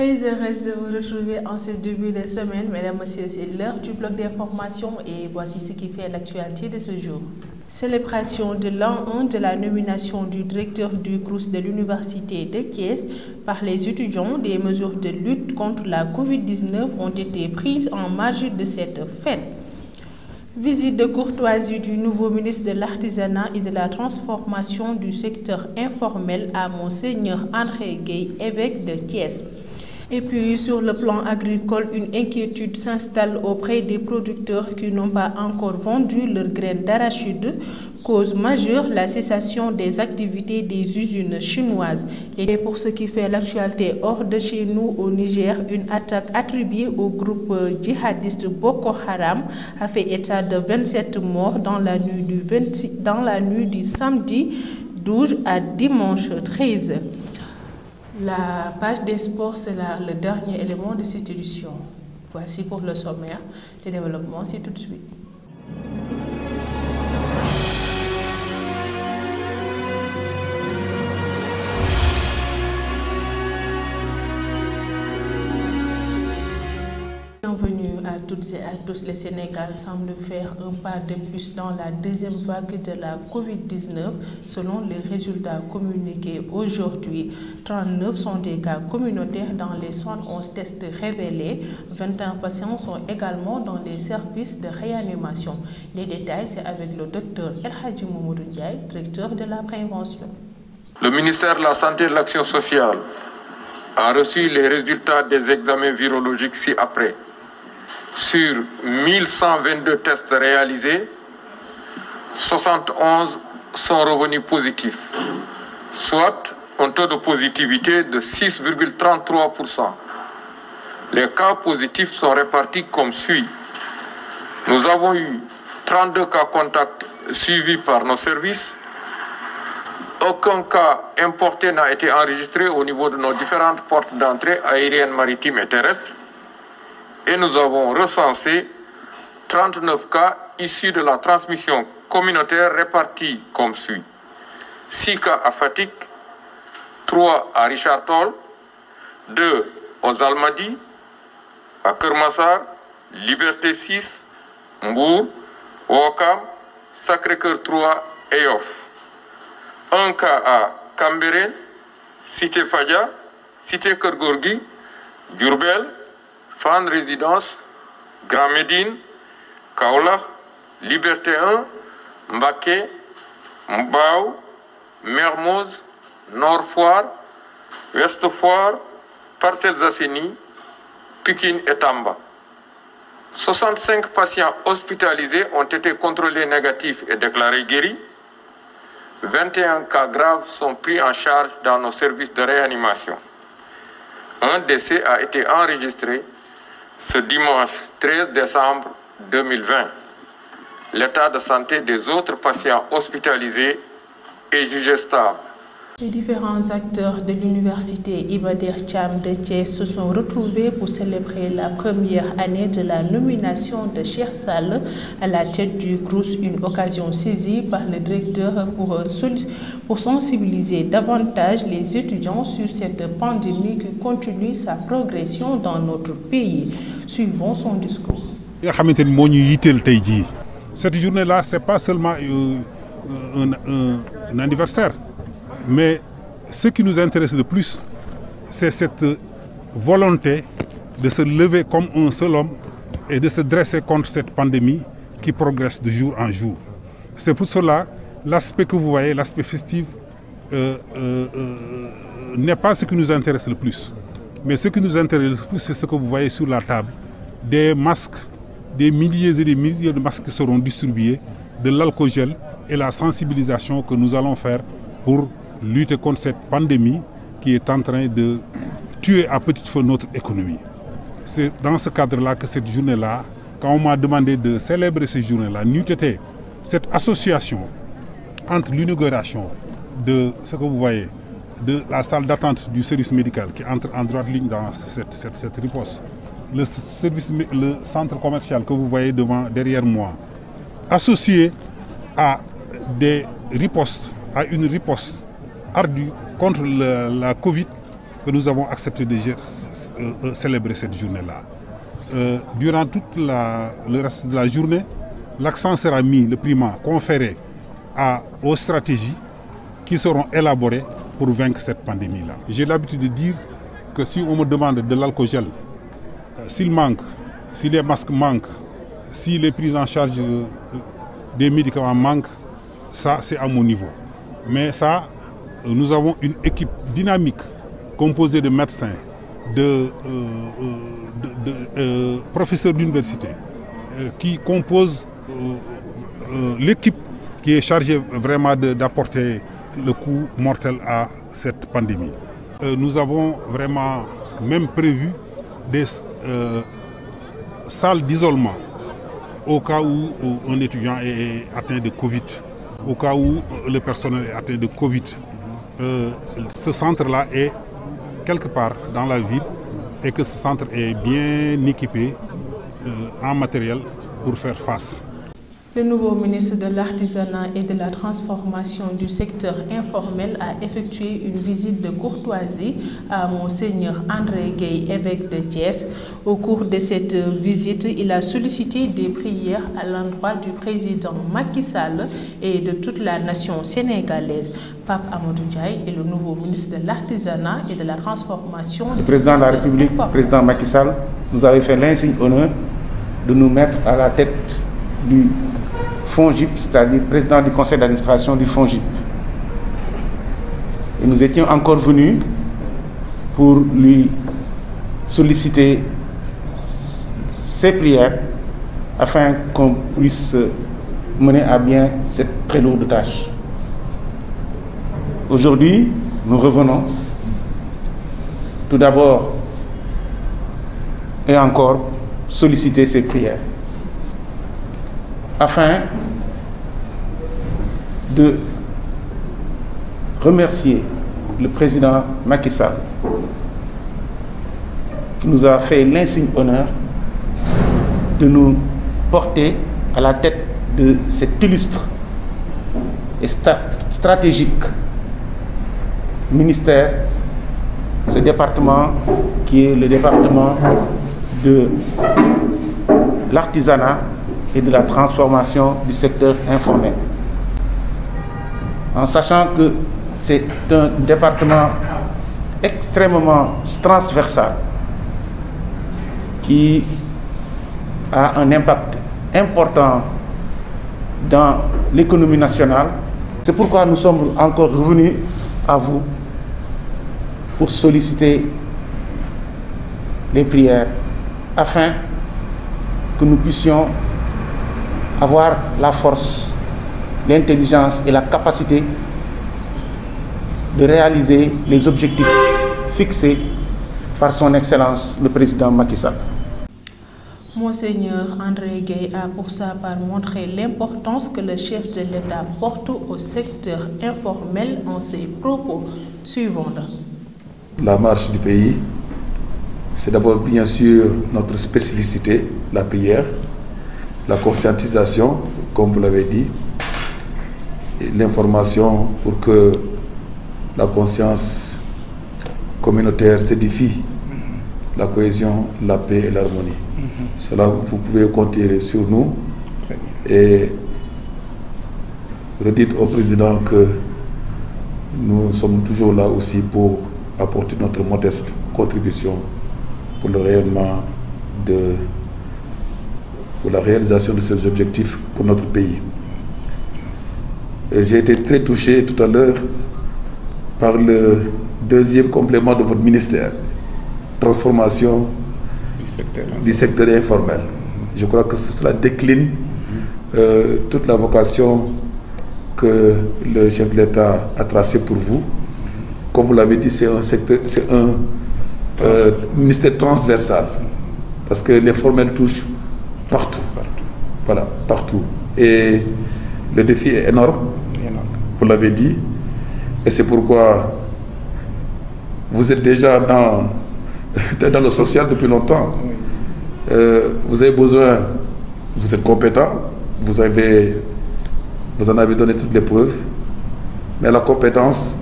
Très heureuse de vous retrouver en ce début de semaine. Mesdames, Messieurs, c'est l'heure du bloc d'information et voici ce qui fait l'actualité de ce jour. Célébration de l'an 1 de la nomination du directeur du groupe de l'Université de Kies par les étudiants, des mesures de lutte contre la COVID-19 ont été prises en marge de cette fête. Visite de courtoisie du nouveau ministre de l'Artisanat et de la Transformation du secteur informel à Monseigneur André Gay, évêque de Thiès. Et puis sur le plan agricole, une inquiétude s'installe auprès des producteurs qui n'ont pas encore vendu leurs graines d'arachide. Cause majeure, la cessation des activités des usines chinoises. Et pour ce qui fait l'actualité hors de chez nous au Niger, une attaque attribuée au groupe djihadiste Boko Haram a fait état de 27 morts dans la nuit du, dans la nuit du samedi 12 à dimanche 13. La page des sports, c'est le dernier élément de cette édition. Voici pour le sommaire, le développement, c'est tout de suite. à tous, le Sénégal semble faire un pas de plus dans la deuxième vague de la COVID-19 selon les résultats communiqués aujourd'hui. 39 sont des cas communautaires dans les 111 tests révélés. 21 patients sont également dans les services de réanimation. Les détails, c'est avec le docteur El Hadji directeur de la prévention. Le ministère de la Santé et de l'Action sociale a reçu les résultats des examens virologiques ci-après sur 1122 tests réalisés, 71 sont revenus positifs, soit un taux de positivité de 6,33%. Les cas positifs sont répartis comme suit. Nous avons eu 32 cas contacts suivis par nos services. Aucun cas importé n'a été enregistré au niveau de nos différentes portes d'entrée aériennes, maritimes et terrestres et nous avons recensé 39 cas issus de la transmission communautaire répartis comme suit. 6 cas à Fatik, 3 à Richard Toll, 2 aux Almadies, à Kermassar, Liberté 6, Mbour, Wakam, Sacré-Cœur 3 et off 1 cas à Cambéré, Cité Fadia, Cité Kergorgi, Durbel, Fan Résidence, Grand Médine, Kaolach, Liberté 1, Mbaké, Mbao, Mermoz, Nord-Foire, west Parcelles Asseni, Pikine et Tamba. 65 patients hospitalisés ont été contrôlés négatifs et déclarés guéris. 21 cas graves sont pris en charge dans nos services de réanimation. Un décès a été enregistré ce dimanche 13 décembre 2020. L'état de santé des autres patients hospitalisés est jugé stable. Les différents acteurs de l'université Ibadir Cham de Thiès se sont retrouvés pour célébrer la première année de la nomination de Cher Sall à la tête du CRUS, une occasion saisie par le directeur euh, pour, sensibiliser davantage les étudiants sur cette pandémie qui continue sa progression dans notre pays. Suivons son discours. Cette journée-là, ce n'est pas seulement euh, euh, un anniversaire. Mais ce qui nous intéresse le plus, c'est cette volonté de se lever comme un seul homme et de se dresser contre cette pandémie qui progresse de jour en jour. C'est pour cela l'aspect que vous voyez, l'aspect festif, euh, euh, euh, n'est pas ce qui nous intéresse le plus. Mais ce qui nous intéresse le plus, c'est ce que vous voyez sur la table. Des masques, des milliers et des milliers de masques qui seront distribués, de l'alcool gel et la sensibilisation que nous allons faire pour lutter contre cette pandémie qui est en train de tuer à petit feu notre économie. C'est dans ce cadre-là que cette journée-là, quand on m'a demandé de célébrer cette journée-là, nous cette association entre l'inauguration de ce que vous voyez, de la salle d'attente du service médical qui entre en droite ligne dans cette, cette riposte, le, service, le centre commercial que vous voyez devant, derrière moi, associé à des ripostes, à une riposte ardu contre la Covid que nous avons accepté de euh, euh, célébrer cette journée-là. Euh, durant tout le reste de la journée, l'accent sera mis, le primat conféré aux stratégies qui seront élaborées pour vaincre cette pandémie-là. J'ai l'habitude de dire que si on me demande de l'alcool gel, s'il manque, si les masques manquent, si les prises en charge des médicaments manquent, ça c'est à mon niveau. Mais ça, euh, nous avons une équipe dynamique composée de médecins, de, euh, euh, professeurs d'université, qui composent l'équipe qui est chargée vraiment d'apporter le coup mortel à cette pandémie. nous avons vraiment même prévu des salles d'isolement au cas où un étudiant est atteint de Covid, au cas où le personnel est atteint de Covid. Euh, ce centre-là est quelque part dans la ville et que ce centre est bien équipé euh, en matériel pour faire face le nouveau ministre de l'Artisanat et de la Transformation du secteur informel a effectué une visite de courtoisie à Monseigneur André Gay, évêque de Thiès. Au cours de cette visite, il a sollicité des prières à l'endroit du président Macky Sall et de toute la nation sénégalaise. Pape Amadou Diaye est le nouveau ministre de l'Artisanat et de la Transformation. Le président de la République, président Macky Sall, nous avait fait l'insigne honneur de nous mettre à la tête du FONGIP, c'est-à-dire président du conseil d'administration du FONGIP. Et nous étions encore venus pour lui solliciter ses prières afin qu'on puisse mener à bien cette très lourde tâche. Aujourd'hui, nous revenons tout d'abord et encore solliciter ses prières afin de remercier le président Macky Sall qui nous a fait l'insigne honneur de nous porter à la tête de cet illustre et stratégique ministère, ce département qui est le département de l'artisanat et de la transformation du secteur informel. En sachant que c'est un département extrêmement transversal qui a un impact important dans l'économie nationale. C'est pourquoi nous sommes encore revenus à vous pour solliciter les prières afin que nous puissions avoir la force, l'intelligence et la capacité de réaliser les objectifs fixés par son Excellence le Président Macky Sall. Monseigneur André Gay a pour sa part montré l'importance que le chef de l'État porte au secteur informel en ses propos suivants. La marche du pays, c'est d'abord bien sûr notre spécificité, la prière, la conscientisation, comme vous l'avez dit, l'information pour que la conscience communautaire s'édifie, la cohésion, la paix et l'harmonie. Mhm. Cela, vous pouvez compter sur nous et redites au président que nous sommes toujours là aussi pour apporter notre modeste contribution pour le réellement de pour la réalisation de ces objectifs pour notre pays. J'ai été très touché tout à l'heure par le deuxième complément de votre ministère, transformation du secteur, informel. Je crois que cela décline euh, toute la vocation que le chef de l'État a tracée pour vous. Comme vous l'avez dit, c'est un secteur, c'est un euh, ministère transversal, parce que l'informel touche Partout. partout. Voilà, partout. Et le défi est énorme, vous l'avez dit, et c'est pourquoi vous êtes déjà dans, le social depuis longtemps. Euh, vous avez besoin, vous êtes compétent, vous, avez, vous en avez donné toutes les preuves, mais la compétence,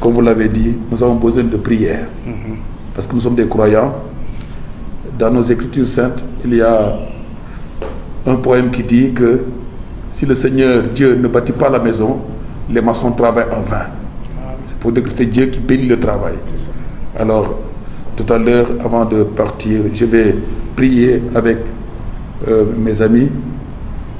comme vous l'avez dit, nous avons besoin de prière. Mhm. Parce que nous sommes des croyants. Dans nos écritures saintes, il y a un poème qui dit que si le Seigneur Dieu ne bâtit pas la maison, les maçons travaillent en vain. C'est pour dire que c'est Dieu qui bénit le travail. Alors, tout à l'heure, avant de partir, je vais prier avec euh, mes amis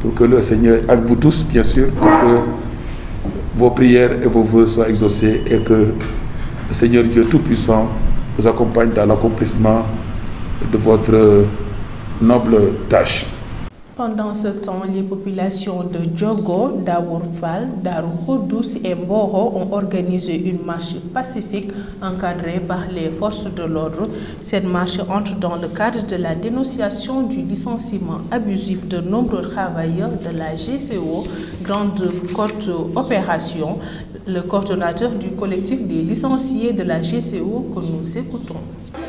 pour que le Seigneur, avec vous tous bien sûr, pour que vos prières et vos voeux soient exaucés et que le Seigneur Dieu Tout-Puissant vous accompagne dans l'accomplissement de votre noble tâche. Pendant ce temps, les populations de Djogo, Daourfal, Daroukhodous et Mboro ont organisé une marche pacifique encadrée par les forces de l'ordre. Cette marche entre dans le cadre de la dénonciation du licenciement abusif de nombreux travailleurs de la GCO, Grande Côte Opération, le coordonnateur du collectif des licenciés de la GCO que nous écoutons.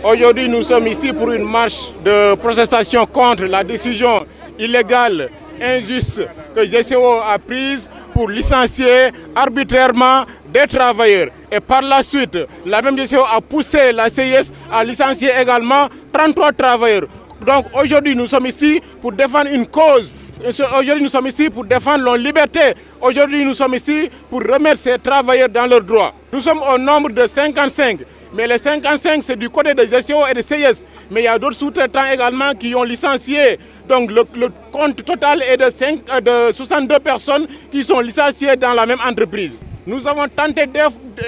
Aujourd'hui, nous sommes ici pour une marche de protestation contre la décision illégale, injuste que GCO a prise pour licencier arbitrairement des travailleurs. Et par la suite, la même GCO a poussé la CIS à licencier également 33 travailleurs. Donc aujourd'hui, nous sommes ici pour défendre une cause. Aujourd'hui, nous sommes ici pour défendre leur liberté. Aujourd'hui, nous sommes ici pour remettre ces travailleurs dans leurs droits. Nous sommes au nombre de 55. Mais les 55, c'est du côté de GCO et de CIS. Mais il y a d'autres sous-traitants également qui ont licencié donc le, compte total est de, 62 euh, personnes qui sont licenciées dans la même entreprise. Nous avons tenté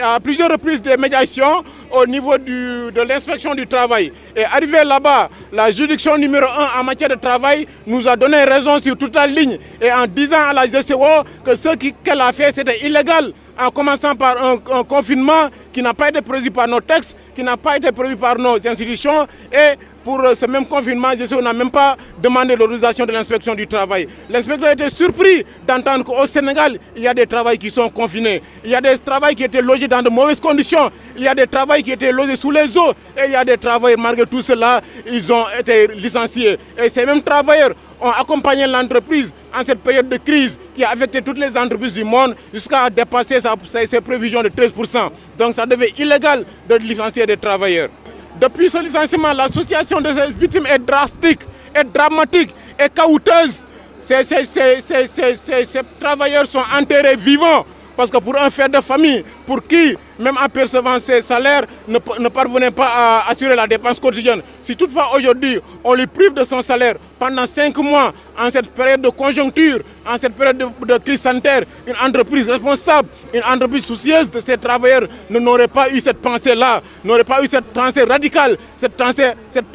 à plusieurs reprises des médiations au niveau de l'inspection du travail. Et arrivé là-bas, la juridiction numéro 1 en matière de travail nous a donné raison sur toute la ligne. Et en disant à la GCO que ce qu'elle a fait, c'était illégal en commençant par un, confinement qui n'a pas été prévu par nos textes, qui n'a pas été prévu par nos institutions et pour ce même confinement, on n'a même pas demandé l'organisation de l'inspection du travail. L'inspecteur a été surpris d'entendre qu'au Sénégal, il y a des travaux qui sont confinés. Il y a des travaux qui étaient logés dans de mauvaises conditions. Il y a des travaux qui étaient logés sous les eaux. Et il y a des travailleurs, malgré tout cela, ils ont été licenciés. Et ces mêmes travailleurs ont accompagné l'entreprise en cette période de crise qui a affecté toutes les entreprises du monde jusqu'à dépasser ses, prévisions de 13%. Donc ça devait illégal de licencier des travailleurs. Depuis ce licenciement, l'association de ces victimes est drastique, est dramatique, est caouteuse. Ces, ces travailleurs sont enterrés vivants. Parce que pour un faire de famille, pour qui, même en percevant ses salaires, ne, ne parvenait pas à assurer la dépense quotidienne, si toutefois aujourd'hui on lui prive de son salaire pendant cinq mois, en cette période de conjoncture, en cette période de, crise sanitaire, une entreprise responsable, une entreprise soucieuse de ses travailleurs n'aurait pas eu cette pensée-là, n'aurait pas eu cette pensée radicale, cette pensée, cette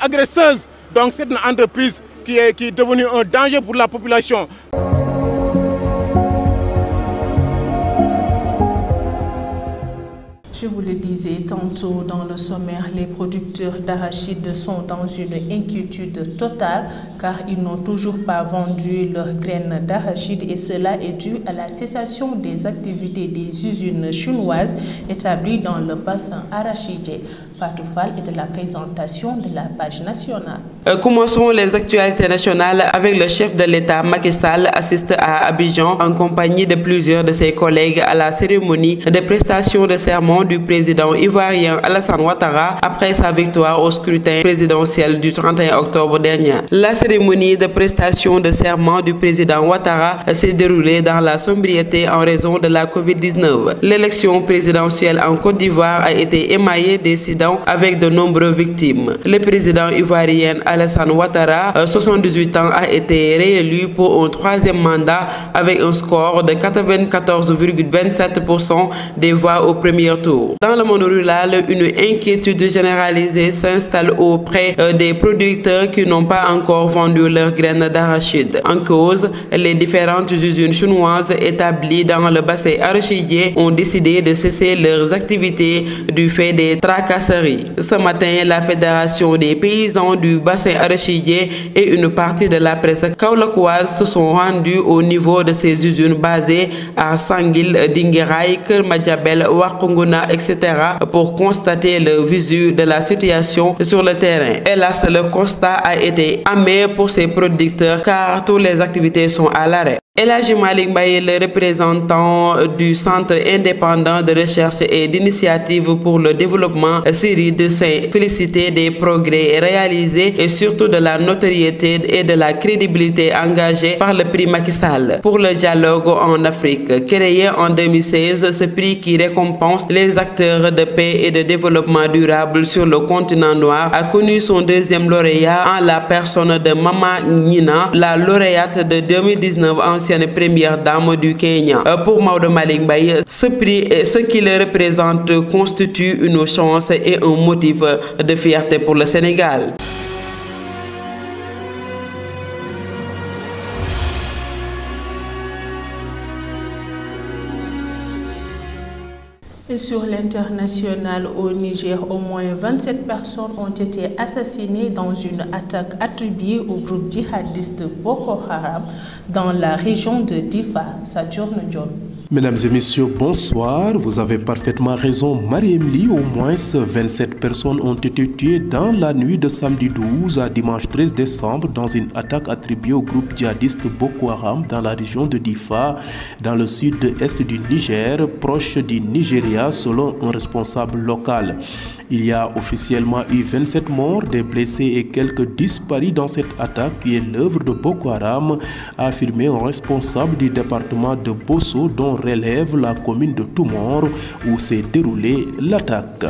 agresseuse. Donc c'est une entreprise qui est devenue un danger pour la population. Je vous le disais tantôt dans le sommaire, les producteurs d'arachides sont dans une inquiétude totale car ils n'ont toujours pas vendu leurs graines d'arachide et cela est dû à la cessation des activités des usines chinoises établies dans le bassin arachidier et de la présentation de la page nationale. Euh, commençons les actualités nationales avec le chef de l'État, Macky Sall, assiste à Abidjan en compagnie de plusieurs de ses collègues à la cérémonie de prestation de serment du président ivoirien Alassane Ouattara après sa victoire au scrutin présidentiel du 31 octobre dernier. La cérémonie de prestation de serment du président Ouattara s'est déroulée dans la sobriété en raison de la COVID-19. L'élection présidentielle en Côte d'Ivoire a été émaillée d'incidents avec de nombreuses victimes. Le président ivoirien Alassane Ouattara, 78 euh, ans, a été réélu pour un troisième mandat avec un score de 94,27% des voix au premier tour. Dans le monde rural, une inquiétude généralisée s'installe auprès euh, des producteurs qui n'ont pas encore vendu leurs graines d'arachide. En cause, les différentes usines chinoises établies dans le bassin arachidier ont décidé de cesser leurs activités du fait des tracasses ce matin, la Fédération des paysans du bassin arachidier et une partie de la presse kaolakoise se sont rendus au niveau de ces usines basées à Sangil, Dingueray, Kermadjabel, Wakonguna, etc. pour constater le visu de la situation sur le terrain. Hélas, le constat a été amer pour ces producteurs car toutes les activités sont à l'arrêt. Elhaji Malik Baye, le représentant du Centre indépendant de recherche et d'initiative pour le développement série de saints, félicité des progrès réalisés et surtout de la notoriété et de la crédibilité engagée par le prix Macky Sall pour le dialogue en Afrique. Créé en 2016, ce prix qui récompense les acteurs de paix et de développement durable sur le continent noir a connu son deuxième lauréat en la personne de Mama Nina, la lauréate de 2019 ancienne première dame du Kenya. Euh, pour Maud Malik ce prix et ce qu'il représente constitue une chance et un motif euh, de fierté pour le Sénégal. Et sur l'international au Niger, au moins 27 personnes ont été assassinées dans une attaque attribuée au groupe djihadiste Boko Haram dans la région de Difa, Saturne John. Mesdames et messieurs, bonsoir. Vous avez parfaitement raison, Marie-Emily. Au moins 27 personnes ont été tuées dans la nuit de samedi 12 à dimanche 13 décembre dans une attaque attribuée au groupe djihadiste Boko Haram dans la région de Difa, dans le sud-est du Niger, proche du Nigeria, selon un responsable local. Il y a officiellement eu 27 morts, des blessés et quelques disparus dans cette attaque qui est l'œuvre de Boko Haram, a affirmé un responsable du département de Bosso dont relève la commune de Toumor où s'est déroulée l'attaque.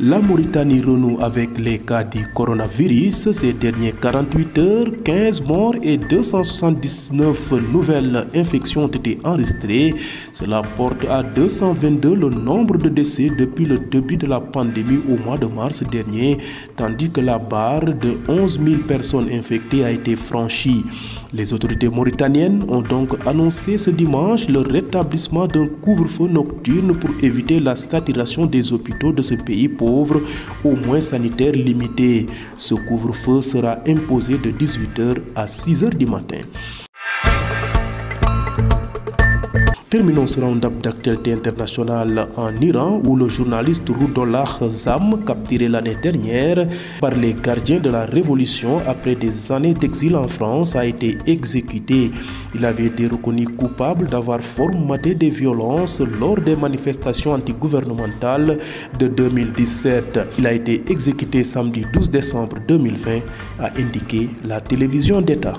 La Mauritanie renoue avec les cas du coronavirus ces derniers 48 heures. 15 morts et 279 nouvelles infections ont été enregistrées. Cela porte à 222 le nombre de décès depuis le début de la pandémie au mois de mars dernier, tandis que la barre de 11 000 personnes infectées a été franchie. Les autorités mauritaniennes ont donc annoncé ce dimanche le rétablissement d'un couvre-feu nocturne pour éviter la saturation des hôpitaux de ce pays. Pour Couvre au moins sanitaire limité. Ce couvre-feu sera imposé de 18h à 6h du matin. Terminons ce round-up d'actualité internationale en Iran où le journaliste Rudollah Zam, capturé l'année dernière par les gardiens de la révolution après des années d'exil en France, a été exécuté. Il avait été reconnu coupable d'avoir formaté des violences lors des manifestations antigouvernementales de 2017. Il a été exécuté samedi 12 décembre 2020, a indiqué la télévision d'État.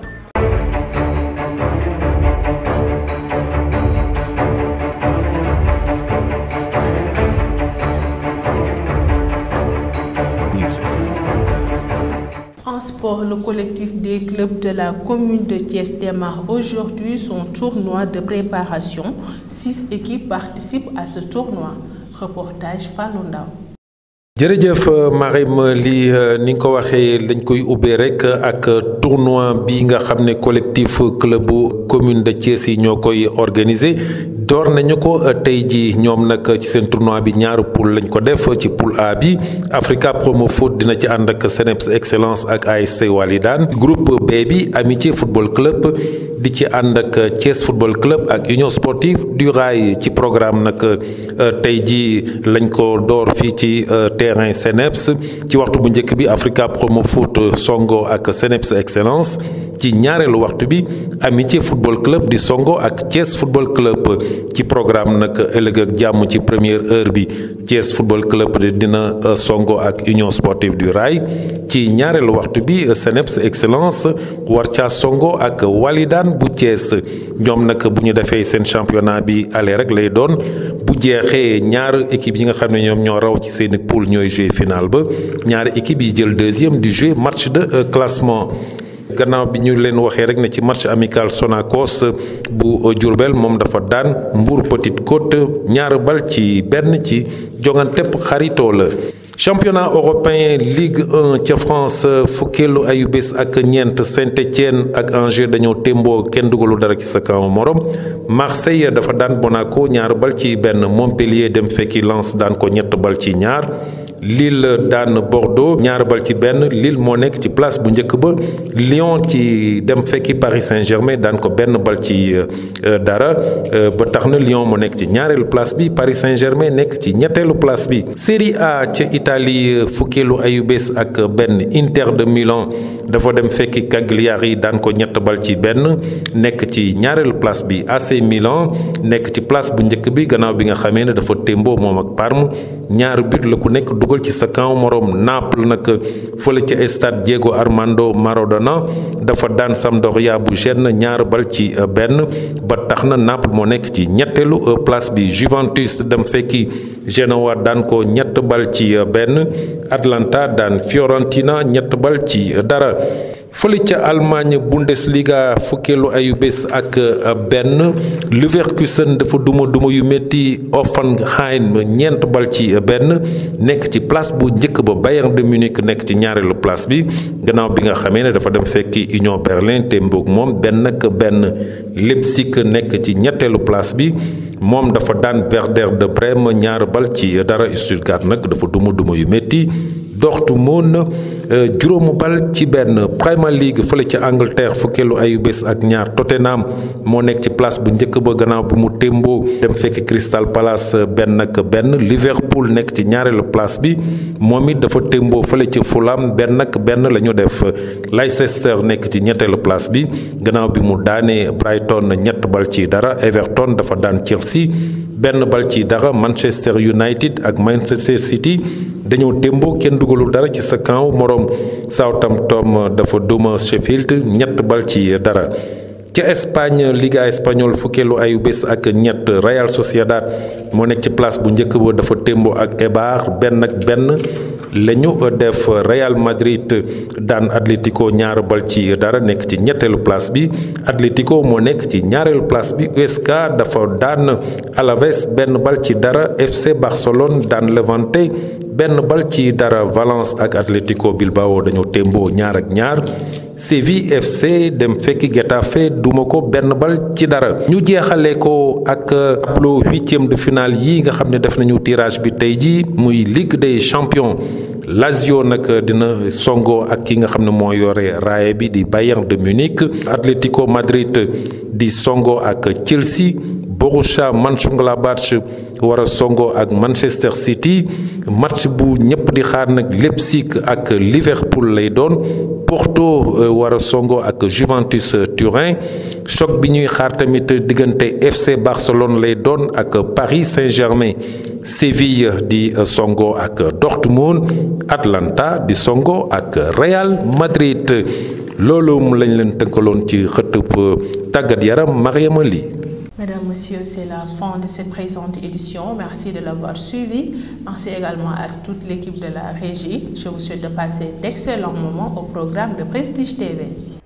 le collectif des clubs de la commune de Thiès démarre aujourd'hui son tournoi de préparation. Six équipes participent à ce tournoi. Reportage Falunda. Djerejef Marème li euh, ni nga ko waxee lañ koy rek ak tournoi bi nga collectif club commune de Thiès yi organisé door nañu ko euh, tey jii ñoom nag ci seen tournoi bi ñaaru poul lañ ko def ci poul A bi Africa Promo Foot dina ci ànd ak Seneps Excellence ak ASC Walidane groupe B bi Amitié Football Club di ci ànd ak Thiès football club ak union sportive du rail ci programme nag euh, tey jii lañ ko door fii ci euh, terrain CNEPS ci waxtu bu njëkk bi Africa Promo Foot euh, Songo ak CNEPS Excellence ci ñaareelu waxtu bi Amitié football club di Songo ak Thiès football club ci programme nag ëllëg ak jàmm ci première heure bi Thiès football club dina Songo ak union sportive du rail ci ñaareelu waxtu bi CNEPS Excellence war ca Songo ak Walidane bu Thiès ñoom nag bu ñu defee seen championnat bi aller rek lay doon bu jeexee ñaar équipe yi nga xam ne ñoom ñoo raw ci seeni poule ñooy jouer final ba ñaari équipe yi jël deuxième di jouer match de euh, classement. gannaaw bi ñu leen waxee rek ne ci match amical Sonacos bu euh, Diourbel moom dafa daan Mbour Petite Côte ñaar bal ci benn ci jongante xaritoo la. championnat européen Ligue 1 France fukkeelu Ayubis, ak saint etienne ak Angers dañu tembo kenn dugalu dara ci morom Marseille dafa daan Monaco ñaar bal Montpellier dem fekki lance daan ko ñett bal ci la daan Bordeaux ñaar bal ci benn Lille moo nekk ci place bu njëkk ba Lyon ci dem fekki Paris Saint-Germain daan ko benn bal ci euh, dara euh, ba tax na Lyon moo nekk ci ñaareelu place bi Paris Saint-Germain nekk ci ñetteelu place bi. Série A ca Italie fukkeelu ayubés ak benn Inter de Milan dafa dem fekki yi daan ko ñett bal ci benn nekk ci ñaareelu place bi AC Milan nekk ci place bu njëkk bi gannaaw bi nga xamee ne dafa témboo moom ak Parme ñaari but la ku nekk. dugal ci sa kaw morom Naples nag fële ca stade Diego Armando Maradona dafa daan sam Sampdoria bu Gênes ñaar bal ci euh, benn ba tax na Naples moo nekk ci ñetteelu euh, place bi Juventus dem fekki Genoa daan ko ñett bal ci euh, benn atlanta daan Fiorentina ñett bal ci dara. fële ca Allemagne Bundesliga fukkeelu ayu bés ak euh, benn Leverkusen dafa duma duma yu métti Offenheim ñeent bal ci euh, benn nekk ci place bu njëkk ba Bayern de Munich nekk ci ñaareelu place bi gannaaw bi nga xamee ne dafa dem fekk Union Berlin te mboog moom benn ak benn Leipzig nekk ci ñetteelu place bi moom dafa daan Werder de Brême ñaar bal ci euh, dara Stuttgart nag dafa duma duma yu métti Dortmund Euh, juróomu bal ci benn Premier League fële ci Angleterre fukkeelu ayu bés ak ñaar Tottenham moo nekk ci place bu njëkk ba gannaaw bi mu témboo dem fekk Crystal Palace benn ak benn Liverpool nekk ci ñaareelu place bi moom it dafa témboo fële ci fulam benn ak benn la ñu def Leicester nekk ci ñetteelu place bi gannaaw bi mu daanee Brighton ñett bal ci dara Everton dafa daan Chelsea benn bal ci dara Manchester United ak Manchester City dañoo démboo kenn dugalul dara ci sa camp moroom tom dafa duma Sheffield ñett bal ci dara. ca Espagne Liga espagnole fukkeelu ayu bés ak ñett Real Sociedad moo nekk ci place bu njëkk ba dafa témboo ak Eibar benn ak benn. la ñu def Real Madrid daan Atlético ñaar bal ci dara nekk ci ñetteelu place bi Atlético moo nekk ci ñaareelu place bi USK dafa daan Alaves benn bal ci dara FC Barcelone daan Levante benn bal ci dara Valence ak Atlético Bilbao dañoo témboo ñaar ak ñaar. Séville FC dem fekki Getafe duma ko benn bal ci dara ñu jeexale ko ak euh, tableau huitième de finale yi nga xam ne def nañu tirage bi tey jii muy Ligue de champion Lazio nag dina songo ak ki nga xam ne moo yore raaya bi di Bayern de Munich Atlético Madrid di songo ak Chelsea Borussia Mönchengladbach war songo ak Manchester City match bu ñëpp di Leipzig ak Liverpool lay Porto euh, war songo ak Juventus euh, Turin choc bi ñuy xaar tamit FC Barcelone lay doon ak Paris Saint-Germain Séville euh, di songo ak Dortmund Atlanta di songo ak Real Madrid lolum, lañ leen tënkaloon ci xëtëb tàggat Mesdames, Messieurs, c'est la fin de cette présente édition. Merci de l'avoir suivi. Merci également à toute l'équipe de la régie. Je vous souhaite de passer d'excellents moments au programme de Prestige TV.